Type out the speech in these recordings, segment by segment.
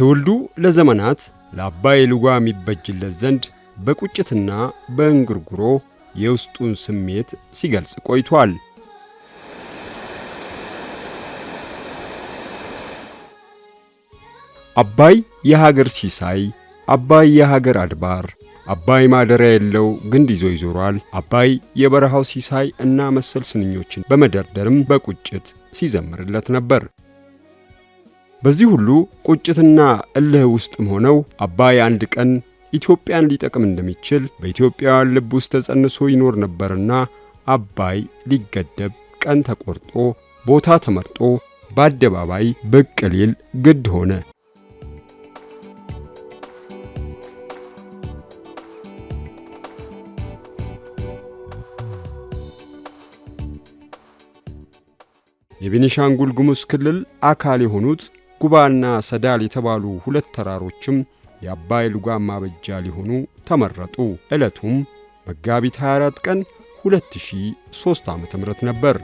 ትውልዱ ለዘመናት ለአባይ ልጓም የሚበጅለት ዘንድ በቁጭትና በእንግርጉሮ የውስጡን ስሜት ሲገልጽ ቆይቷል። አባይ የሀገር ሲሳይ፣ አባይ የሀገር አድባር፣ አባይ ማደሪያ የለው ግንድ ይዞ ይዞሯል፣ አባይ የበረሃው ሲሳይ እና መሰል ስንኞችን በመደርደርም በቁጭት ሲዘምርለት ነበር። በዚህ ሁሉ ቁጭትና እልህ ውስጥም ሆነው አባይ አንድ ቀን ኢትዮጵያን ሊጠቅም እንደሚችል በኢትዮጵያውያን ልብ ውስጥ ተጸንሶ ይኖር ነበርና አባይ ሊገደብ ቀን ተቆርጦ ቦታ ተመርጦ በአደባባይ ብቅ ሊል ግድ ሆነ። የቤኒሻንጉል ጉሙዝ ክልል አካል የሆኑት ጉባና ሰዳል የተባሉ ሁለት ተራሮችም የአባይ ልጓም ማበጃ ሊሆኑ ተመረጡ። ዕለቱም መጋቢት 24 ቀን 2003 ዓ.ም ነበር።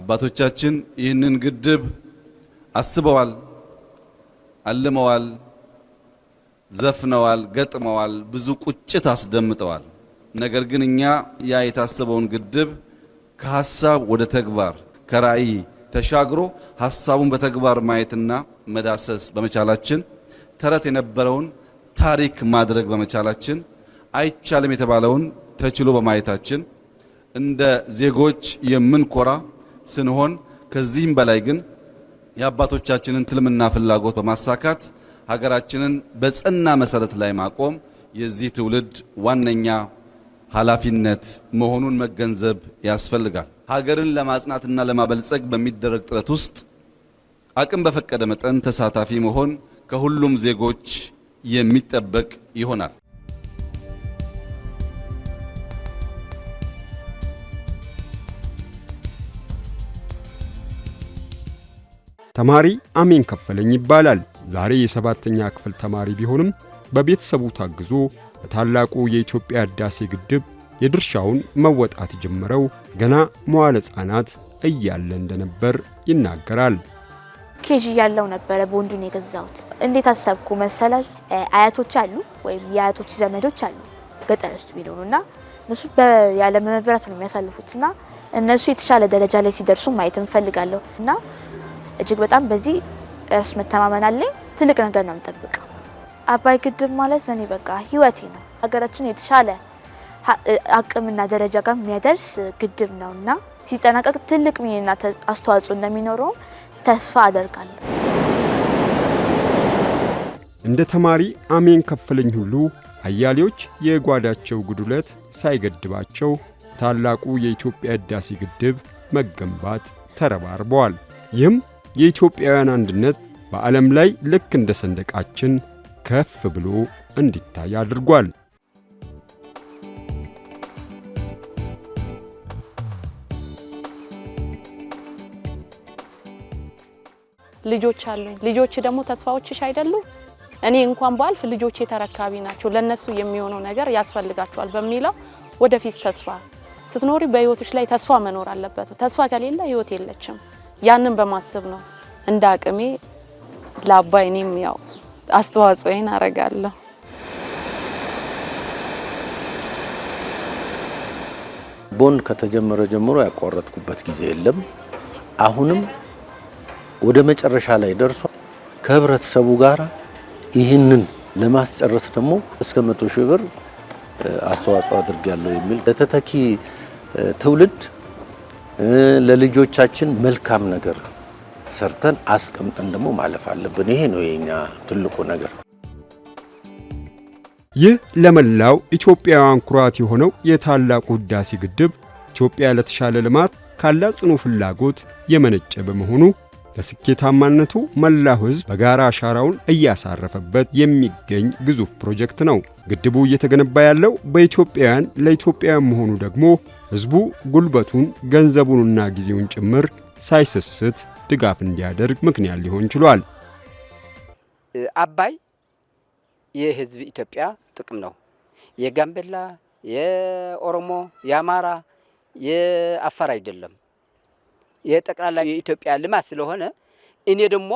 አባቶቻችን ይህንን ግድብ አስበዋል፣ አልመዋል፣ ዘፍነዋል፣ ገጥመዋል፣ ብዙ ቁጭት አስደምጠዋል። ነገር ግን እኛ ያ የታሰበውን ግድብ ከሀሳብ ወደ ተግባር ከራዕይ ተሻግሮ ሀሳቡን በተግባር ማየትና መዳሰስ በመቻላችን ተረት የነበረውን ታሪክ ማድረግ በመቻላችን አይቻልም የተባለውን ተችሎ በማየታችን እንደ ዜጎች የምንኮራ ስንሆን ከዚህም በላይ ግን የአባቶቻችንን ትልምና ፍላጎት በማሳካት ሀገራችንን በጽና መሰረት ላይ ማቆም የዚህ ትውልድ ዋነኛ ኃላፊነት መሆኑን መገንዘብ ያስፈልጋል። ሀገርን ለማጽናትና ለማበልጸግ በሚደረግ ጥረት ውስጥ አቅም በፈቀደ መጠን ተሳታፊ መሆን ከሁሉም ዜጎች የሚጠበቅ ይሆናል። ተማሪ አሜን ከፈለኝ ይባላል። ዛሬ የሰባተኛ ክፍል ተማሪ ቢሆንም በቤተሰቡ ታግዞ በታላቁ የኢትዮጵያ ሕዳሴ ግድብ የድርሻውን መወጣት ጀመረው ገና መዋለ ሕፃናት እያለ እንደነበር ይናገራል። ኬጂ ያለው ነበረ ቦንዱን የገዛሁት። እንዴት አሰብኩ መሰላል? አያቶች አሉ ወይም የአያቶች ዘመዶች አሉ ገጠር ውስጥ ቢኖሩ እና እነሱ ያለመብራት ነው የሚያሳልፉት እና እነሱ የተሻለ ደረጃ ላይ ሲደርሱ ማየት እንፈልጋለሁ እና እጅግ በጣም በዚህ እርስ መተማመን አለኝ። ትልቅ ነገር ነው የምጠብቀው። አባይ ግድብ ማለት ለእኔ በቃ ህይወቴ ነው። ሀገራችን የተሻለ አቅምና ደረጃ ጋር የሚያደርስ ግድብ ነው እና ሲጠናቀቅ ትልቅ ሚና አስተዋጽኦ እንደሚኖረውም ተስፋ አደርጋለሁ። እንደ ተማሪ አሜን ከፈለኝ ሁሉ አያሌዎች የጓዳቸው ጉድለት ሳይገድባቸው ታላቁ የኢትዮጵያ ህዳሴ ግድብ መገንባት ተረባርበዋል። ይህም የኢትዮጵያውያን አንድነት በዓለም ላይ ልክ እንደ ሰንደቃችን ከፍ ብሎ እንዲታይ አድርጓል። ልጆች አሉኝ። ልጆች ደግሞ ተስፋዎችሽ አይደሉ? እኔ እንኳን ባልፍ ልጆቼ ተረካቢ ናቸው፣ ለነሱ የሚሆነው ነገር ያስፈልጋቸዋል በሚለው ወደፊት ተስፋ ስትኖሪ በህይወቶች ላይ ተስፋ መኖር አለበት። ተስፋ ከሌለ ህይወት የለችም። ያንን በማሰብ ነው እንደ አቅሜ ለአባይ እኔም ያው አስተዋጽኦዬን አረጋለሁ። ቦን ከተጀመረ ጀምሮ ያቋረጥኩበት ጊዜ የለም። አሁንም ወደ መጨረሻ ላይ ደርሷል። ከህብረተሰቡ ጋር ይህንን ለማስጨረስ ደግሞ እስከ መቶ ሺህ ብር አስተዋጽኦ አድርጊያለሁ የሚል ለተተኪ ትውልድ ለልጆቻችን መልካም ነገር ሰርተን አስቀምጠን ደግሞ ማለፍ አለብን። ይሄ ነው የኛ ትልቁ ነገር። ይህ ለመላው ኢትዮጵያውያን ኩራት የሆነው የታላቁ ህዳሴ ግድብ ኢትዮጵያ ለተሻለ ልማት ካላት ጽኑ ፍላጎት የመነጨ በመሆኑ ለስኬታማነቱ መላው ሕዝብ በጋራ አሻራውን እያሳረፈበት የሚገኝ ግዙፍ ፕሮጀክት ነው። ግድቡ እየተገነባ ያለው በኢትዮጵያውያን ለኢትዮጵያውያን መሆኑ ደግሞ ሕዝቡ ጉልበቱን፣ ገንዘቡንና ጊዜውን ጭምር ሳይስስት ድጋፍ እንዲያደርግ ምክንያት ሊሆን ችሏል። አባይ የሕዝብ ኢትዮጵያ ጥቅም ነው። የጋምቤላ፣ የኦሮሞ፣ የአማራ፣ የአፋር አይደለም። የጠቅላላ የኢትዮጵያ ልማት ስለሆነ እኔ ደግሞ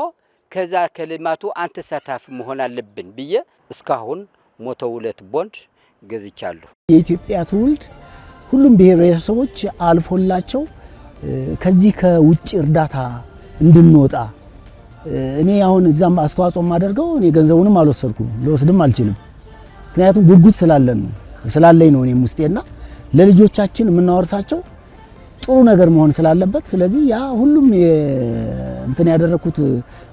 ከዛ ከልማቱ አንተ ተሳታፊ መሆን አለብን ብዬ እስካሁን ሞተ ሁለት ቦንድ ገዝቻለሁ። የኢትዮጵያ ትውልድ ሁሉም ብሔረሰቦች አልፎላቸው ከዚህ ከውጭ እርዳታ እንድንወጣ እኔ አሁን እዛም አስተዋጽኦ የማደርገው እኔ ገንዘቡንም አልወሰድኩም ልወስድም አልችልም። ምክንያቱም ጉጉት ስላለን ነው ስላለኝ ነው እኔም ውስጤና ለልጆቻችን የምናወርሳቸው ጥሩ ነገር መሆን ስላለበት ስለዚህ ያ ሁሉም እንትን ያደረግኩት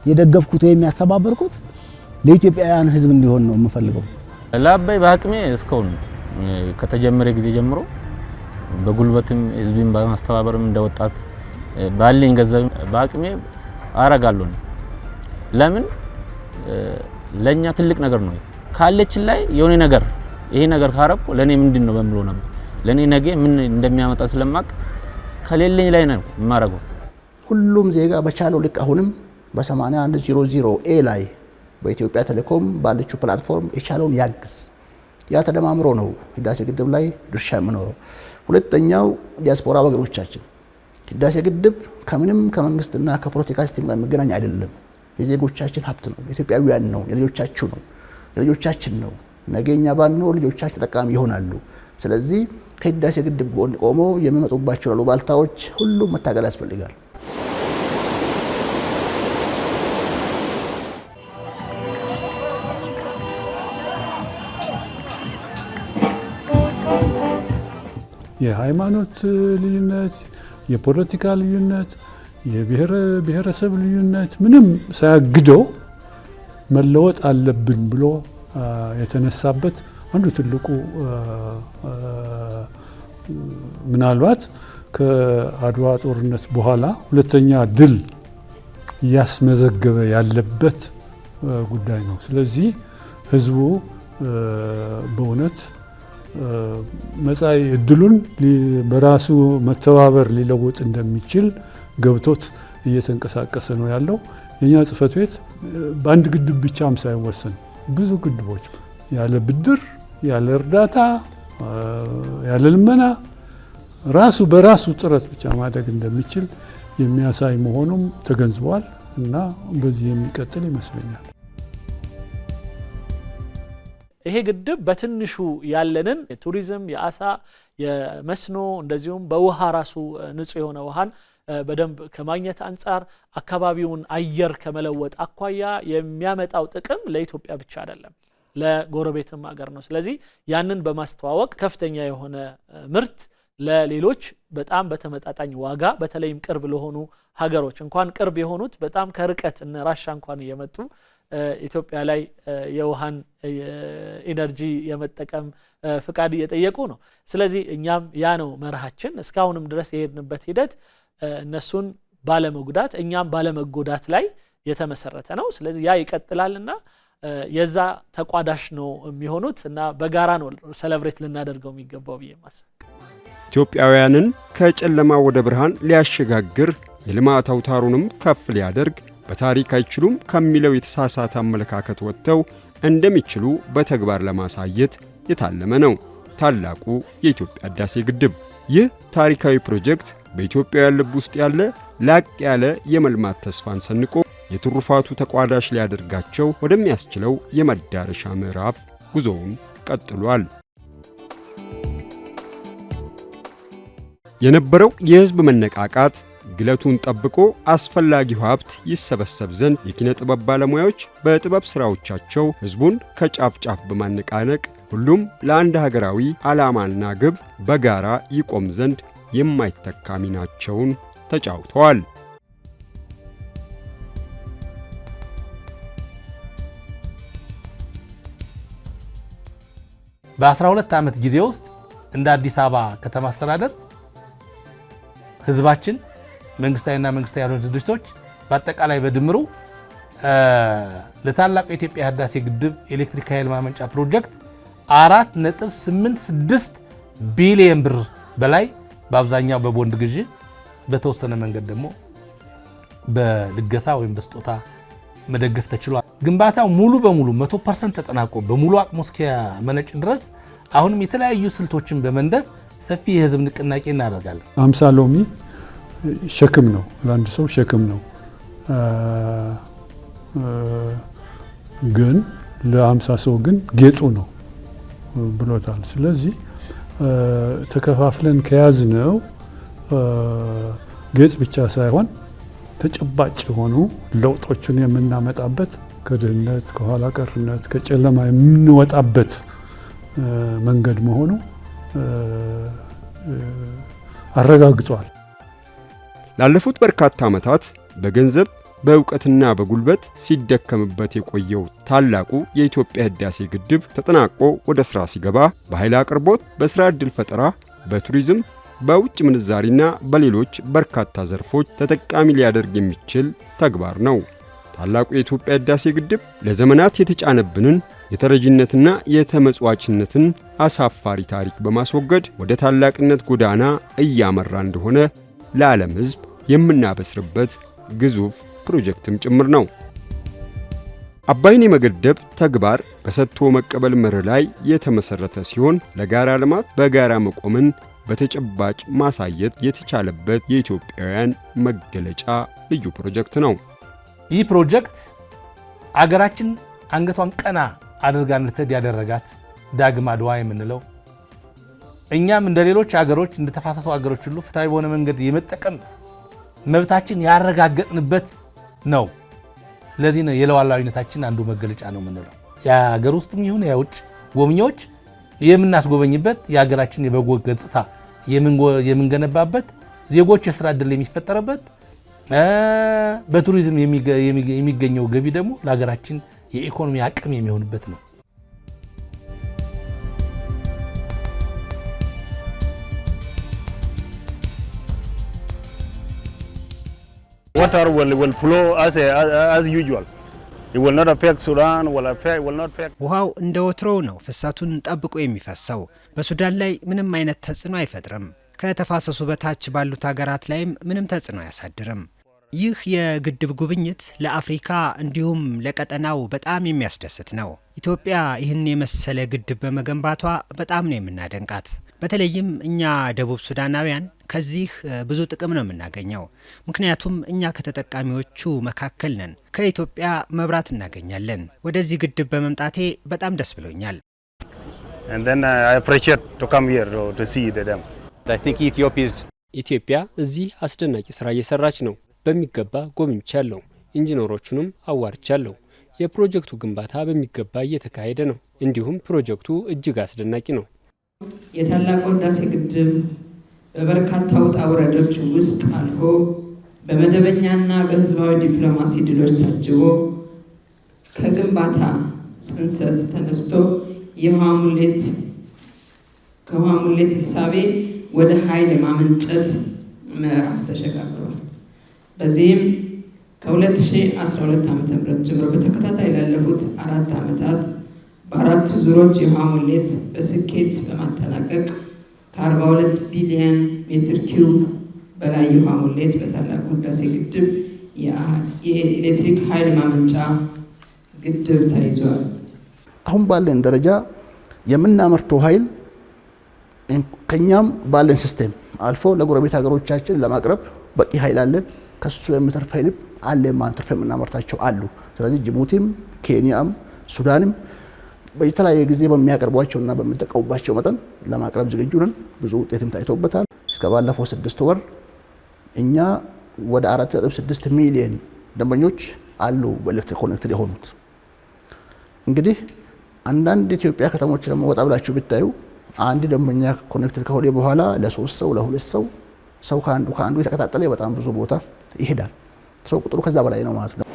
የደገፍኩት ወይም ያስተባበርኩት ለኢትዮጵያውያን ሕዝብ እንዲሆን ነው የምፈልገው። ለአባይ በአቅሜ እስካሁን ከተጀመረ ጊዜ ጀምሮ በጉልበትም ሕዝብን በማስተባበርም እንደ ወጣት ባለኝ ገንዘብ በአቅሜ አረጋለሁ። ለምን ለእኛ ትልቅ ነገር ነው። ካለችን ላይ የሆነ ነገር ይሄ ነገር ካረኩ ለእኔ ምንድን ነው በምሎ ነበር ለእኔ ነገ ምን እንደሚያመጣ ስለማቅ ከሌለኝ ላይ ነው የማደርገው። ሁሉም ዜጋ በቻለው ልክ አሁንም በ8100 ኤ ላይ በኢትዮጵያ ቴሌኮም ባለችው ፕላትፎርም የቻለውን ያግዝ። ያ ተደማምሮ ነው ህዳሴ ግድብ ላይ ድርሻ የምኖረው። ሁለተኛው ዲያስፖራ ወገኖቻችን ህዳሴ ግድብ ከምንም ከመንግስትና ከፖለቲካ ሲስቴም ጋር የሚገናኝ አይደለም። የዜጎቻችን ሀብት ነው፣ የኢትዮጵያውያን ነው፣ የልጆቻችሁ ነው፣ የልጆቻችን ነው። ነገኛ ባንኖር ልጆቻችን ተጠቃሚ ይሆናሉ። ስለዚህ ከህዳሴ ግድብ ጎን ቆመው የሚመጡባቸው አሉባልታዎች ሁሉም መታገል ያስፈልጋል። የሃይማኖት ልዩነት፣ የፖለቲካ ልዩነት፣ የብሔረሰብ ልዩነት ምንም ሳያግደው መለወጥ አለብን ብሎ የተነሳበት አንዱ ትልቁ ምናልባት ከአድዋ ጦርነት በኋላ ሁለተኛ ድል እያስመዘገበ ያለበት ጉዳይ ነው። ስለዚህ ህዝቡ በእውነት መጻኢ እድሉን በራሱ መተባበር ሊለወጥ እንደሚችል ገብቶት እየተንቀሳቀሰ ነው ያለው። የኛ ጽህፈት ቤት በአንድ ግድብ ብቻም ሳይወሰን ብዙ ግድቦች ያለ ብድር፣ ያለ እርዳታ፣ ያለ ልመና ራሱ በራሱ ጥረት ብቻ ማደግ እንደሚችል የሚያሳይ መሆኑም ተገንዝቧል እና በዚህ የሚቀጥል ይመስለኛል። ይሄ ግድብ በትንሹ ያለንን የቱሪዝም፣ የአሳ፣ የመስኖ እንደዚሁም በውሃ ራሱ ንጹህ የሆነ ውሃን በደንብ ከማግኘት አንጻር አካባቢውን አየር ከመለወጥ አኳያ የሚያመጣው ጥቅም ለኢትዮጵያ ብቻ አይደለም፣ ለጎረቤትም ሀገር ነው። ስለዚህ ያንን በማስተዋወቅ ከፍተኛ የሆነ ምርት ለሌሎች በጣም በተመጣጣኝ ዋጋ በተለይም ቅርብ ለሆኑ ሀገሮች እንኳን ቅርብ የሆኑት በጣም ከርቀት እነ ራሻ እንኳን እየመጡ ኢትዮጵያ ላይ የውሃን ኢነርጂ የመጠቀም ፍቃድ እየጠየቁ ነው። ስለዚህ እኛም ያ ነው መርሃችን። እስካሁንም ድረስ የሄድንበት ሂደት እነሱን ባለመጉዳት እኛም ባለመጎዳት ላይ የተመሰረተ ነው። ስለዚህ ያ ይቀጥላልና የዛ ተቋዳሽ ነው የሚሆኑት እና በጋራ ነው ሰለብሬት ልናደርገው የሚገባው ብዬ ማሰብ ኢትዮጵያውያንን ከጨለማ ወደ ብርሃን ሊያሸጋግር የልማት አውታሩንም ከፍ ሊያደርግ በታሪክ አይችሉም ከሚለው የተሳሳተ አመለካከት ወጥተው እንደሚችሉ በተግባር ለማሳየት የታለመ ነው ታላቁ የኢትዮጵያ ህዳሴ ግድብ። ይህ ታሪካዊ ፕሮጀክት በኢትዮጵያውያን ልብ ውስጥ ያለ ላቅ ያለ የመልማት ተስፋን ሰንቆ የትሩፋቱ ተቋዳሽ ሊያደርጋቸው ወደሚያስችለው የመዳረሻ ምዕራፍ ጉዞውን ቀጥሏል። የነበረው የሕዝብ መነቃቃት ግለቱን ጠብቆ አስፈላጊው ሀብት ይሰበሰብ ዘንድ የኪነ ጥበብ ባለሙያዎች በጥበብ ሥራዎቻቸው ሕዝቡን ከጫፍ ጫፍ በማነቃነቅ ሁሉም ለአንድ ሀገራዊ ዓላማና ግብ በጋራ ይቆም ዘንድ የማይተካ ሚናቸውን ተጫውተዋል። በ12 ዓመት ጊዜ ውስጥ እንደ አዲስ አበባ ከተማ አስተዳደር ህዝባችን፣ መንግስታዊና መንግስታዊ ያልሆኑ ድርጅቶች በአጠቃላይ በድምሩ ለታላቁ የኢትዮጵያ ህዳሴ ግድብ ኤሌክትሪክ ኃይል ማመንጫ ፕሮጀክት 4.86 ቢሊየን ብር በላይ በአብዛኛው በቦንድ ግዢ፣ በተወሰነ መንገድ ደግሞ በልገሳ ወይም በስጦታ መደገፍ ተችሏል። ግንባታው ሙሉ በሙሉ 100 ፐርሰንት ተጠናቆ በሙሉ አቅሙ መነጭ ድረስ አሁንም የተለያዩ ስልቶችን በመንደፍ ሰፊ የህዝብ ንቅናቄ እናደርጋለን። አምሳ ሎሚ ሸክም ነው፣ ለአንድ ሰው ሸክም ነው። ግን ለአምሳ ሰው ግን ጌጡ ነው ብሎታል። ስለዚህ ተከፋፍለን ከያዝነው ጌጥ ብቻ ሳይሆን ተጨባጭ የሆኑ ለውጦችን የምናመጣበት ከድህነት፣ ከኋላ ቀርነት፣ ከጨለማ የምንወጣበት መንገድ መሆኑ አረጋግጧል። ላለፉት በርካታ ዓመታት በገንዘብ በእውቀትና በጉልበት ሲደከምበት የቆየው ታላቁ የኢትዮጵያ ህዳሴ ግድብ ተጠናቆ ወደ ሥራ ሲገባ በኃይል አቅርቦት፣ በሥራ ዕድል ፈጠራ፣ በቱሪዝም፣ በውጭ ምንዛሪና በሌሎች በርካታ ዘርፎች ተጠቃሚ ሊያደርግ የሚችል ተግባር ነው። ታላቁ የኢትዮጵያ ህዳሴ ግድብ ለዘመናት የተጫነብንን የተረጂነትና የተመጽዋችነትን አሳፋሪ ታሪክ በማስወገድ ወደ ታላቅነት ጎዳና እያመራ እንደሆነ ለዓለም ሕዝብ የምናበስርበት ግዙፍ ፕሮጀክትም ጭምር ነው። አባይን የመገደብ ተግባር በሰጥቶ መቀበል መርህ ላይ የተመሠረተ ሲሆን ለጋራ ልማት በጋራ መቆምን በተጨባጭ ማሳየት የተቻለበት የኢትዮጵያውያን መገለጫ ልዩ ፕሮጀክት ነው። ይህ ፕሮጀክት አገራችን አንገቷን ቀና አድርጋ እንድትሄድ ያደረጋት ዳግም አድዋ የምንለው እኛም እንደ ሌሎች አገሮች እንደ ተፋሰሱ አገሮች ሁሉ ፍትሐዊ በሆነ መንገድ የመጠቀም መብታችን ያረጋገጥንበት ነው። ለዚህ ነው የለዋላዊነታችን አንዱ መገለጫ ነው የምንለው። የሀገር ውስጥም ይሁን የውጭ ጎብኚዎች የምናስጎበኝበት የሀገራችን የበጎ ገጽታ የምንገነባበት፣ ዜጎች የስራ እድል የሚፈጠርበት፣ በቱሪዝም የሚገኘው ገቢ ደግሞ ለሀገራችን የኢኮኖሚ አቅም የሚሆንበት ነው። water will, will flow as, as usual. It will not affect Sudan, will affect, will not affect... ውሃው እንደ ወትሮው ነው ፍሰቱን ጠብቆ የሚፈሰው። በሱዳን ላይ ምንም አይነት ተጽዕኖ አይፈጥርም። ከተፋሰሱ በታች ባሉት ሀገራት ላይም ምንም ተጽዕኖ አያሳድርም። ይህ የግድብ ጉብኝት ለአፍሪካ እንዲሁም ለቀጠናው በጣም የሚያስደስት ነው። ኢትዮጵያ ይህን የመሰለ ግድብ በመገንባቷ በጣም ነው የምናደንቃት። በተለይም እኛ ደቡብ ሱዳናውያን ከዚህ ብዙ ጥቅም ነው የምናገኘው። ምክንያቱም እኛ ከተጠቃሚዎቹ መካከል ነን። ከኢትዮጵያ መብራት እናገኛለን። ወደዚህ ግድብ በመምጣቴ በጣም ደስ ብሎኛል። ኢትዮጵያ እዚህ አስደናቂ ስራ እየሰራች ነው። በሚገባ ጎብኝቻለሁ። ኢንጂነሮቹንም አዋርቻለሁ። የፕሮጀክቱ ግንባታ በሚገባ እየተካሄደ ነው። እንዲሁም ፕሮጀክቱ እጅግ አስደናቂ ነው። የታላቁ ህዳሴ ግድብ በበርካታ ውጣ ውረዶች ውስጥ አልፎ በመደበኛና በህዝባዊ ዲፕሎማሲ ድሎች ታጅቦ ከግንባታ ጽንሰት ተነስቶ የውሃ ሙሌት ከውሃ ሙሌት እሳቤ ወደ ኃይል ማመንጨት ምዕራፍ ተሸጋግሯል። በዚህም ከ2012 ዓ ም ጀምሮ በተከታታይ ላለፉት አራት ዓመታት በአራቱ ዙሮች የውሃ ሙሌት በስኬት በማጠናቀቅ ከ42 ቢሊዮን ሜትር ኪዩብ በላይ የውሃ ሙሌት በታላቁ ህዳሴ ግድብ የኤሌክትሪክ ኃይል ማመንጫ ግድብ ተይዟል። አሁን ባለን ደረጃ የምናመርተው ኃይል ከኛም ባለን ሲስቴም አልፎ ለጎረቤት ሀገሮቻችን ለማቅረብ በቂ ኃይል አለን። ከሱ የምተርፍ ኃይልም አለ፣ ማንተርፍ የምናመርታቸው አሉ። ስለዚህ ጅቡቲም፣ ኬንያም፣ ሱዳንም በተለያየ ጊዜ በሚያቀርቧቸውና በሚጠቀሙባቸው መጠን ለማቅረብ ዝግጁ ነን። ብዙ ውጤትም ታይቶበታል። እስከ ባለፈው ስድስት ወር እኛ ወደ አራት ነጥብ ስድስት ሚሊየን ደንበኞች አሉ በኤሌክትሪክ ኮኔክትድ የሆኑት። እንግዲህ አንዳንድ ኢትዮጵያ ከተሞች ደግሞ ወጣ ብላችሁ ብታዩ አንድ ደንበኛ ኮኔክትድ ከሆነ በኋላ ለሶስት ሰው ለሁለት ሰው ሰው ከአንዱ ከአንዱ የተቀጣጠለ በጣም ብዙ ቦታ ይሄዳል። ሰው ቁጥሩ ከዛ በላይ ነው ማለት ነው።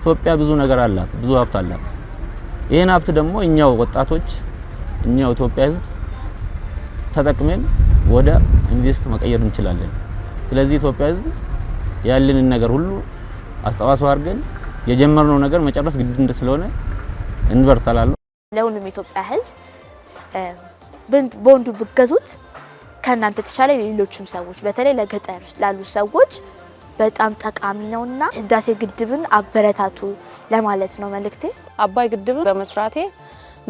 ኢትዮጵያ ብዙ ነገር አላት፣ ብዙ ሀብት አላት። ይህን ሀብት ደግሞ እኛው ወጣቶች፣ እኛው ኢትዮጵያ ህዝብ ተጠቅመን ወደ ኢንቨስት መቀየር እንችላለን። ስለዚህ ኢትዮጵያ ህዝብ ያለንን ነገር ሁሉ አስተዋጽኦ አድርገን የጀመርነው ነገር መጨረስ ግድ ስለሆነ እንበርታላለሁ። ለሁሉም የኢትዮጵያ ህዝብ በወንዱ ብገዙት ከእናንተ የተሻለ ሌሎችም ሰዎች በተለይ ለገጠር ላሉ ሰዎች በጣም ጠቃሚ እና ህዳሴ ግድብን አበረታቱ ለማለት ነው መልእክቴ። አባይ ግድብን በመስራቴ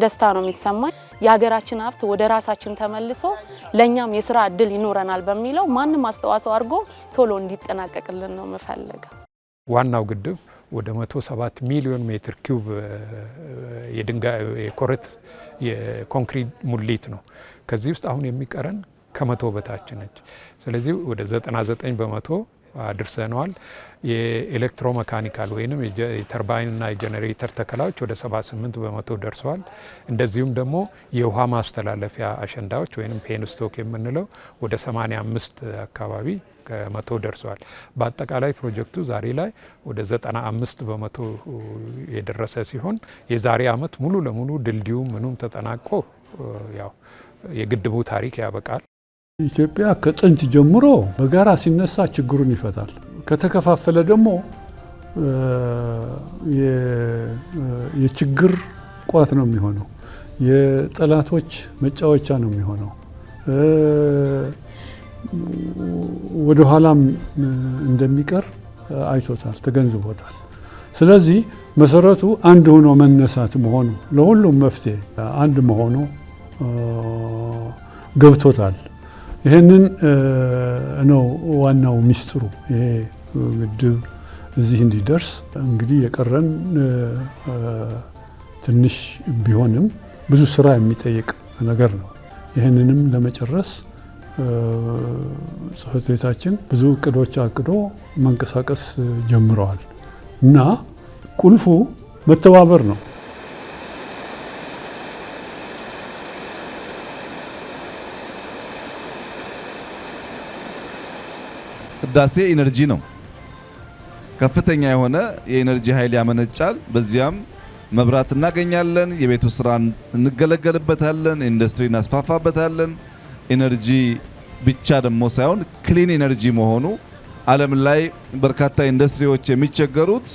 ደስታ ነው የሚሰማኝ። የሀገራችን ሀብት ወደ ራሳችን ተመልሶ ለእኛም የስራ እድል ይኖረናል በሚለው ማንም አስተዋጽኦ አድርጎ ቶሎ እንዲጠናቀቅልን ነው የምፈልገው። ዋናው ግድብ ወደ 107 ሚሊዮን ሜትር ኪዩብ የኮረት የኮንክሪት ሙሊት ነው። ከዚህ ውስጥ አሁን የሚቀረን ከመቶ በታች ነች። ስለዚህ ወደ 99 በመቶ አድርሰነዋል። የኤሌክትሮሜካኒካል ወይም የተርባይንና የጄኔሬተር ተከላዎች ወደ 78 በመቶ ደርሰዋል። እንደዚሁም ደግሞ የውሃ ማስተላለፊያ አሸንዳዎች ወይም ፔንስቶክ የምንለው ወደ 85 አካባቢ ከመቶ ደርሰዋል። በአጠቃላይ ፕሮጀክቱ ዛሬ ላይ ወደ 95 በመቶ የደረሰ ሲሆን የዛሬ ዓመት ሙሉ ለሙሉ ድልድዩ ምኑም ተጠናቆ ያው የግድቡ ታሪክ ያበቃል። ኢትዮጵያ ከጥንት ጀምሮ በጋራ ሲነሳ ችግሩን ይፈታል። ከተከፋፈለ ደግሞ የችግር ቋት ነው የሚሆነው፣ የጠላቶች መጫወቻ ነው የሚሆነው፣ ወደኋላም እንደሚቀር አይቶታል፣ ተገንዝቦታል። ስለዚህ መሰረቱ አንድ ሆኖ መነሳት መሆኑ ለሁሉም መፍትሄ አንድ መሆኑ ገብቶታል። ይህንን ነው ዋናው ሚስጥሩ። ይሄ ግድብ እዚህ እንዲደርስ እንግዲህ የቀረን ትንሽ ቢሆንም ብዙ ስራ የሚጠይቅ ነገር ነው። ይህንንም ለመጨረስ ጽህፈት ቤታችን ብዙ እቅዶች አቅዶ መንቀሳቀስ ጀምረዋል እና ቁልፉ መተባበር ነው። ህዳሴ ኢነርጂ ነው። ከፍተኛ የሆነ የኢነርጂ ኃይል ያመነጫል። በዚያም መብራት እናገኛለን፣ የቤቱ ስራ እንገለገልበታለን፣ ኢንዱስትሪ እናስፋፋበታለን። ኢነርጂ ብቻ ደግሞ ሳይሆን ክሊን ኢነርጂ መሆኑ ዓለም ላይ በርካታ ኢንዱስትሪዎች የሚቸገሩት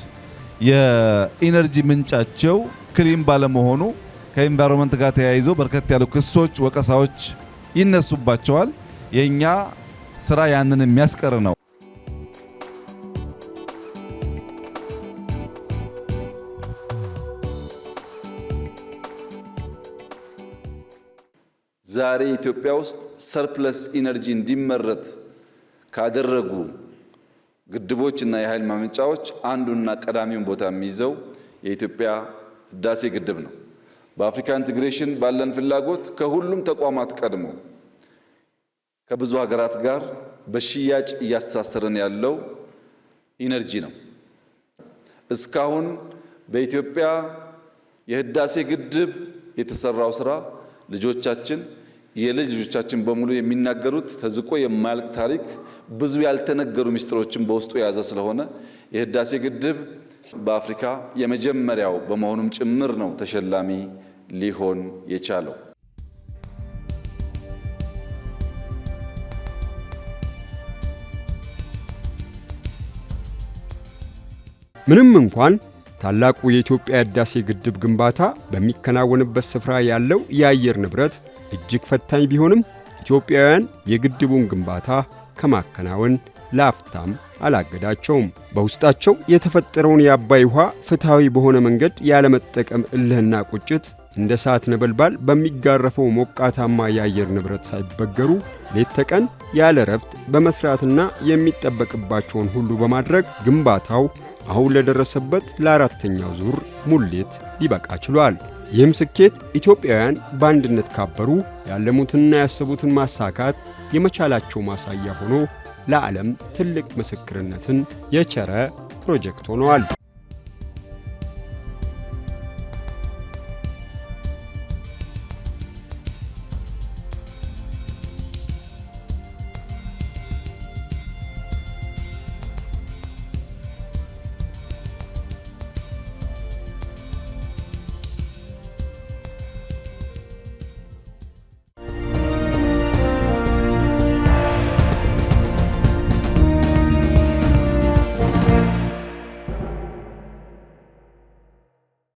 የኢነርጂ ምንጫቸው ክሊን ባለመሆኑ ከኢንቫይሮንመንት ጋር ተያይዞ በርከት ያሉ ክሶች፣ ወቀሳዎች ይነሱባቸዋል። የኛ ስራ ያንን የሚያስቀር ነው። ዛሬ ኢትዮጵያ ውስጥ ሰርፕለስ ኢነርጂ እንዲመረት ካደረጉ ግድቦችና የኃይል ማመንጫዎች አንዱና ቀዳሚውን ቦታ የሚይዘው የኢትዮጵያ ህዳሴ ግድብ ነው። በአፍሪካ ኢንቴግሬሽን ባለን ፍላጎት ከሁሉም ተቋማት ቀድሞ ከብዙ ሀገራት ጋር በሽያጭ እያስተሳሰረን ያለው ኢነርጂ ነው። እስካሁን በኢትዮጵያ የህዳሴ ግድብ የተሰራው ስራ ልጆቻችን የልጅ ልጆቻችን በሙሉ የሚናገሩት ተዝቆ የማያልቅ ታሪክ ብዙ ያልተነገሩ ሚስጥሮችን በውስጡ የያዘ ስለሆነ የህዳሴ ግድብ በአፍሪካ የመጀመሪያው በመሆኑም ጭምር ነው ተሸላሚ ሊሆን የቻለው። ምንም እንኳን ታላቁ የኢትዮጵያ ህዳሴ ግድብ ግንባታ በሚከናወንበት ስፍራ ያለው የአየር ንብረት እጅግ ፈታኝ ቢሆንም ኢትዮጵያውያን የግድቡን ግንባታ ከማከናወን ላፍታም አላገዳቸውም። በውስጣቸው የተፈጠረውን የአባይ ውኃ ፍትሐዊ በሆነ መንገድ ያለመጠቀም እልህና ቁጭት እንደ ሰዓት ነበልባል በሚጋረፈው ሞቃታማ የአየር ንብረት ሳይበገሩ ሌት ተቀን ያለ ረፍት በመሥራትና የሚጠበቅባቸውን ሁሉ በማድረግ ግንባታው አሁን ለደረሰበት ለአራተኛው ዙር ሙሌት ሊበቃ ችሏል። ይህም ስኬት ኢትዮጵያውያን በአንድነት ካበሩ ያለሙትንና ያሰቡትን ማሳካት የመቻላቸው ማሳያ ሆኖ ለዓለም ትልቅ ምስክርነትን የቸረ ፕሮጀክት ሆነዋል።